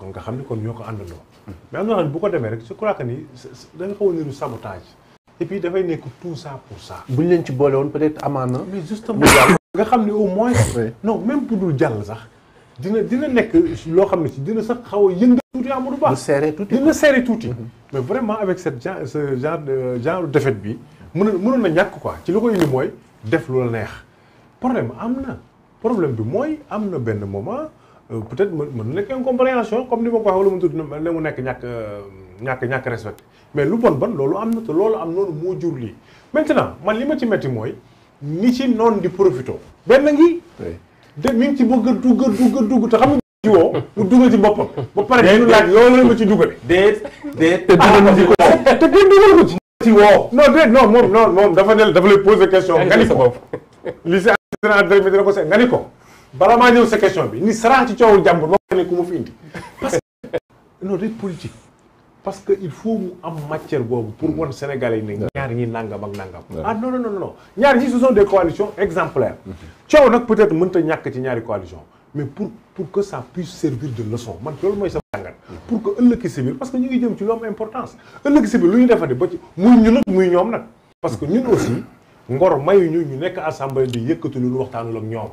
kon nga xam ne kon ñoo ko àndandoo. mais am na xam ne bu ko demee rek je crois que ni xaw a niru sabotage. et puis dafay nekk tout ça pour bu ñu leen ci boole woon peut-être amaan na. mais nga xam ne au moins. non même bu dul jàll sax. dina dina nekk loo xam ne ci dina sax xaw a yëngal tuuti Amadou Ba. dina serré tuuti. Mm-hmm. mais vraiment avec cette genre ce genre de bi. mënoon mënoon na ñàkk quoi ci li ko indi mooy def lu la neex problème am na problème bi mooy am na benn moment. Euh, peut-être mën na nekk incompréhension comme ni ma ko waxee wala mu tudd ne mu nekk euh, ñàkk ñàkk respect mais lu bon bon loolu am na te loolu am noonu moo jur lii maintenant man li ma ci metti mooy ni ci noonu di profité benn ngi de mi ngi ci bëgg a dugg dugg dugg te xam nga ci woo mu dugal ci boppam ba pare ñu laaj loolu la ma ci dugal déet déet ah, te dugal ci ko te kenn dugal ko ci ci woo non déet non moom dafa ne dafa lay poser question nga ni ko li si dina ko seet nga ni ko bala maa ñëw sa question bi ni saraan ci coowul jàmbur ba ne fi indi parce que politique parce que il faut mu am matière boobu pour wan Sénégalais yi ne ñaar ñi nangam ak nangam ah non non non non ñaar ñi ce sont des coalitions exemplaires mm-hmm. coow nag peut-être mënta ñàkk ci ñaari coalition mais pour pour que ça puisse servir de leçon man loolu mooy sama jàngat mm-hmm. pour que ëllëg si biir parce que ñu ngi jëm ci lu am importance ëllëg si biir lu ñu defandi muy ñu nag muy ñoom nag parce que ñun aussi ngor mayu ñu ñu nekk assemblée di yëkkatu lu waxtaanul ak ñoom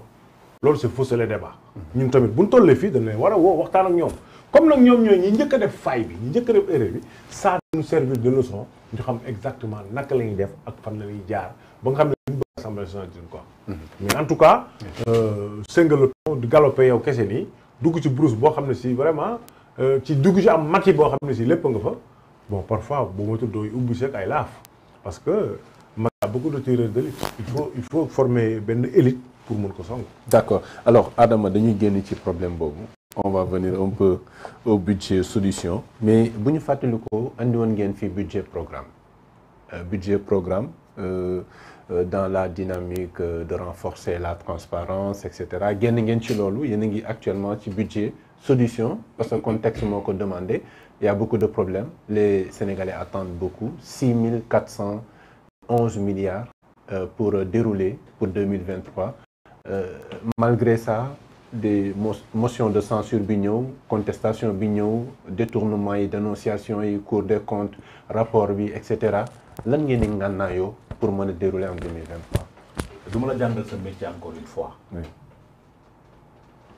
loolu c'est fausser de débat ñun tamit bu ñu tollee fii dañ leen war woo waxtaan ak ñoom comme nag ñoom ñooy ñi njëkk def faay bi ñi njëkk a def erreur bi ça nous servir de leçon ñu xam exactement naka la ñuy def ak fan la ñuy jaar ba nga xam ne ñu bëgg assemblée nationale dinañ ko mm-hmm. mais en tout cas séngalaton di galopé yow kese nii dugg ci brousse boo xam ne si vraiment euh, ci dugg ci am mati boo xam ne si lépp nga fa bon parfois bu ma tuddoo ubbi seeg ay laaf parce que man beaucoup de tireurs d'élite il faut il faut former benn élite pour mun ko song. d'accord alors Adama dañuy génn ci problème boobu. on va venir un peu au budget solution. mais bu ñu fàttalikoo andi woon ngeen fi budget programme euh, budget programme euh, euh dans la dynamique euh, de renforcer la transparence et cetera génn ngeen ci loolu yéen a ngi actuellement ci budget solution parce que contexte moo ko demandé il y beaucoup de problèmes les Sénégalais attendent beaucoup six mille quatre cent onze milliards euh, pour dérouler pour deux mille vingt Euh, malgré ça des motions de censure bi ñëw contestation bi ñëw détournement yi dénonciation yi cour des comptes rapport bi et cetera lan ngeen di ngànnaayoo pour mën a dérouler en 2023 du ma la jàngal sa métier encore une fois oui.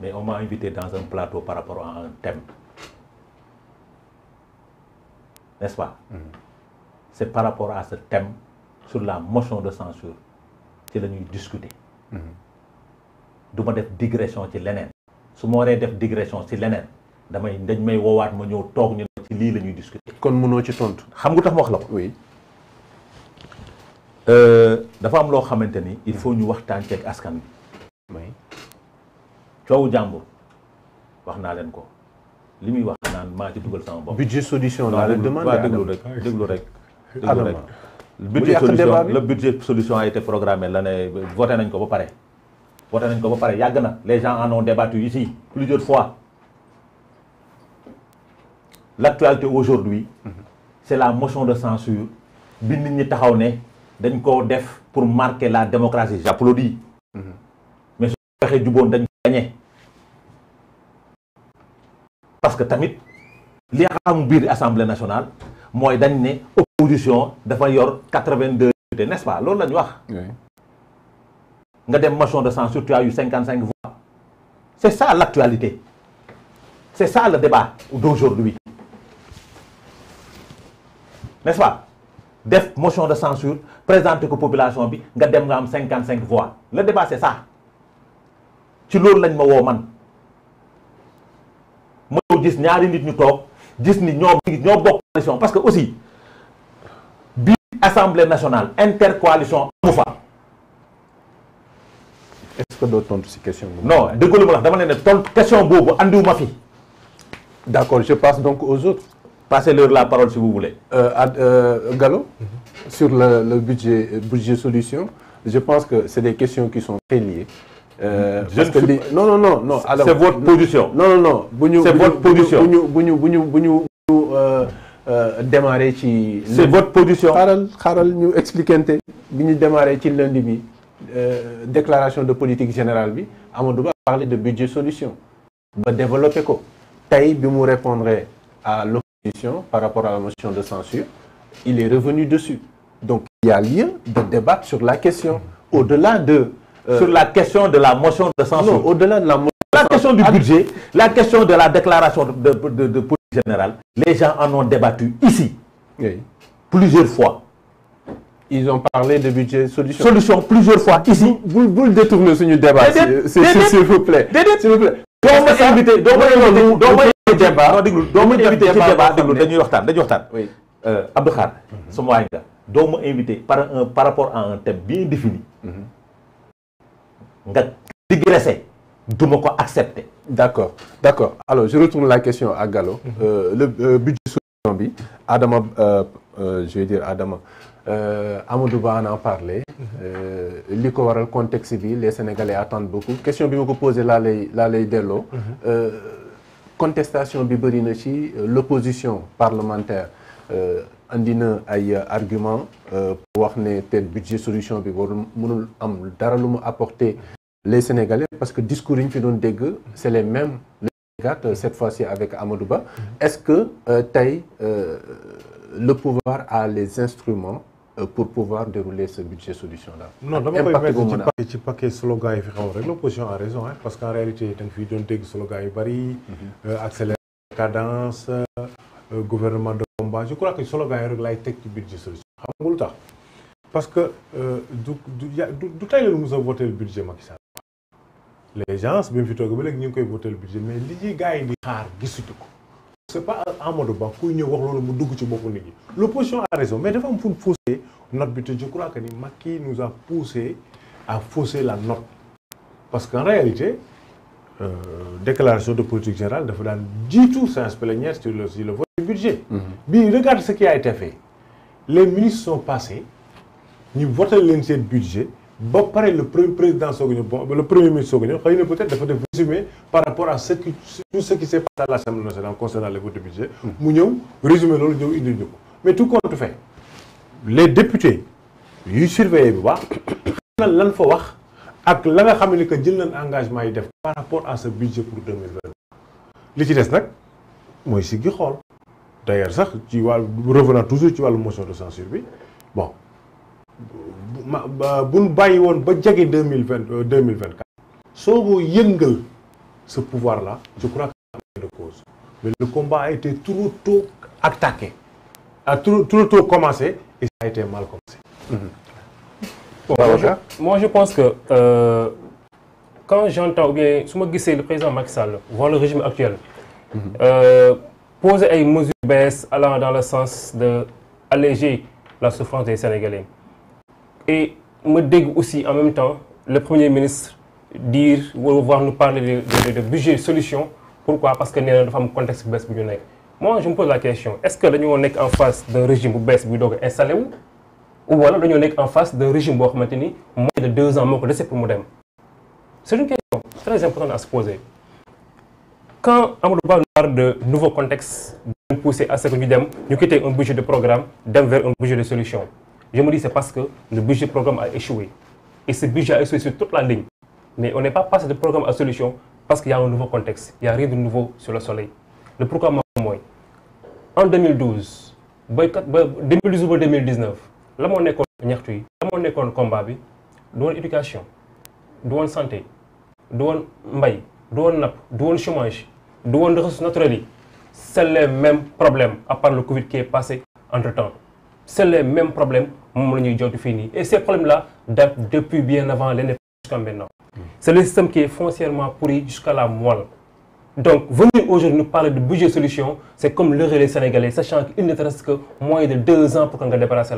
mais on m'a invité dans un plateau par rapport à un thème n'est-ce pas mm-hmm. c'est par rapport à ce thème sur la motion de censure ci la ñuy discuter mm-hmm. du ma def digression ci leneen su ma waree def digression ci leneen damay ndañ may woowaat ma ñëw toog ñu ci lii lañuy ñuy discuter. kon mënoo ci tontu. xam nga tax ma wax la ko. Euh, dafa am loo xamante ni il faut ñu waxtaan ceeg askan bi. oui coowu wax naa leen ko li muy wax naan maa ci dugal sama bopp. budget solution laa leen demandé waaw déglu rek rek. déglu rek budget solution le budget solution a été programmé l'année voté nañ ko ba pare. voté nañ ko ba pare yàgg na les gens en ont débattu ici plusieurs fois l'actualité aujourd'hui mhm. c'est la motion de censure bi nit ñi taxaw ne dañ ko def pour marqué la démocratie j'applaudis mhm. mais su waxee juboon dañ gagné parce que tamit li xam biir assemblée nationale mooy dañ ne opposition dafa yor quatre-vingt-deux députés n'est-ce pas loolu lañ wax nga dem motion de censure tu as eu 55 voix c'est ça l'actualité c'est ça le débat d'aujourd'hui n'est-ce pas def motion de censure présenter ko population bi nga dem nga am 55 voix le débat c'est ça ci loolu lañ ma woo man ma gis ñaari nit ñu toog gis ni ñoo ñoo bokk coalition parce que aussi biir assemblée nationale intercoalition amu fa que doo tontu si question bi. non dëgg lu ma wax dama ne ne tontu question boobu andiwuma fi. d' accord je passe donc aux autres. Passez-leur la parole si vous voulez. Euh, euh, sur le, le budget, euh, budget solution, je pense que c'est des questions qui sont très liées. Euh, je parce ne que suis... les... Non, non, non. non c'est votre position. Non, non, non. bu votre position. démarrer C'est votre position. Xaaral xaaral ñu expliquer bi ñu démarrer ci lundi bi. Euh, déclaration de politique générale bi Amadou Ba parler de budget solution ba développer ko tey bi mu répondre à l'opposition par rapport à la motion de censure il est revenu dessus donc il y a lieu de débattre sur la question au-delà de euh, sur la question de la motion de censure non au-delà de la motion la question du ah, budget la question de la déclaration de de, de, de politique générale les gens en ont débattu ici plusieurs fois ils ont parlé de budget solution. Solution plusieurs fois ici. bul bul détourner suñu débat. déedéet s'il vous plaît. déedéet s'il vous doo ma invité doo ma invité doo ma invité débat déglu dañuy waxtaan dañuy waxtaan. oui euh, Abdou Khare. sama waay nga doo ma invité par par rapport à un thème bien défini. Mm-hmm. nga digressé du ma ko accepté. d'accord d'accord alors je retourne la question à Gallo. Mm-hmm. Euh, le euh, budget solution bi Adama. Euh, je veux dire Adama euh, Amadou Ba en a euh, li ko waral contexte bi les Sénégalais attendent beaucoup question bi ma ko posé laa lay laa lay delloo. Mhm. contestation bi bëri na ci l'opposition parlementaire andi na ay argument pour wax ne te budget solution bi warul mënul am dara lu mu apporter les Sénégalais parce que discours yi ñu fi doon dégg c'est les mêmes. cette fois-ci avec Amadou Ba. Mhm. Est-ce que euh, Taï le pouvoir a les instruments euh, pour pouvoir dérouler ce budget solution-là. non dama koy mettre ci paquet ci paquet slogan yi fi xaw rek l'opposition a raison hein, parce qu'en réalité da nga doon dégg slogan yu bari. Mhm. Euh, accélérer cadence euh, gouvernement de combat je crois que slogan yi rek laay teg ci budget solution. xam nga lu tax parce que du du du tey la mos a voté le budget Macky Sall les gens bi mu fi toog ba léegi ñu ngi koy voté le budget mais li ñuy gars yi di xaar gisuñu ko. c'est pas Amadou Ba kuy ñëw wax loolu mu dugg ci boppu nit ñi l'opposition a raison mais dafa am fu mu faussé note bi te je crois que ni Macky nous a poussé à fausser la note parce qu'en réalité euh, déclaration de politique générale dafa daan jiitu séance plénière sur le sur le vote du budget mm-hmm. bii mm -hmm. regarde ce qui a été les ministres sont passés ñu voté leen seen budget ba pare le premier président soog a ñëw bon le premier ministre soog a ñëw xëy na peut-être dafa def résumé par rapport à ce qui tout ce qui s'est passé à l'Assemblée nationale concernant les votes mu ñëw résumé loolu ñëw indil ñu ko mais tout compte fait les députés yuy surveiller bu baax xam lan fa wax ak la nga xam ne que jël nañ engagement yi def par rapport à ce budget pour 2020 li ci des nag mooy si gi xool d'ailleurs sax ci wàllu revenant toujours ci wàllu motion de censure bi bon bu ñu bàyyi woon ba jege deux mille vingt euh, deux mille vingt quatre soo ko yëngal ce pouvoir là je crois que de cause mais le combat a été trop tôt attaqué a trop trop tôt commencé et ça a été mal commencé. Mmh. moi je, pense que euh, quand j'entends bien su ma gisee le président Macky Sall voir le régime actuel. Mmh. Euh, poser ay mesures baisses allant dans le sens de alléger la souffrance des Et me dégue aussi en même temps le Premier ministre dire voir nous parler de, de, de budget solution. Pourquoi Parce que nous avons un contexte baisse Moi, je me pose la question, est-ce que nous sommes en face d'un régime baisse qui est installé ou ou alors nous en face d'un régime qui est moins de deux ans manque de ces problèmes C'est une question très importante à se poser. Quand Amadou Ba parle de nouveaux contextes, de pousser à ce que nous, un budget de programme, d'un vers un budget solution. Je me c'est parce que le budget programme a échoué. Et ce budget a échoué sur toute la ligne. Mais on n'est pas passé de programme à solution parce qu'il y un nouveau contexte. Il rien de nouveau sur le soleil. Le programme moi, en la moo nekkoon ñaxtu yi la moo nekkoon combat bi du woon éducation du woon santé du woon mbay du woon napp du woon chômage du woon ressources naturelles yi le même problème problèmes à part le Covid qui est passé entre c'est les mêmes problèmes moom la ñuy jooytu fii nii et ces problèmes là datent depuis bien avant l'indépendance jusqu'à maintenant c'est le système qui est foncièrement pourri jusqu'à la moelle donc venir aujourd'hui nous parler de budget solution c'est comme leurrer les Sénégalais sachant qu'il ne reste que moins de deux ans pour que nga débarrasser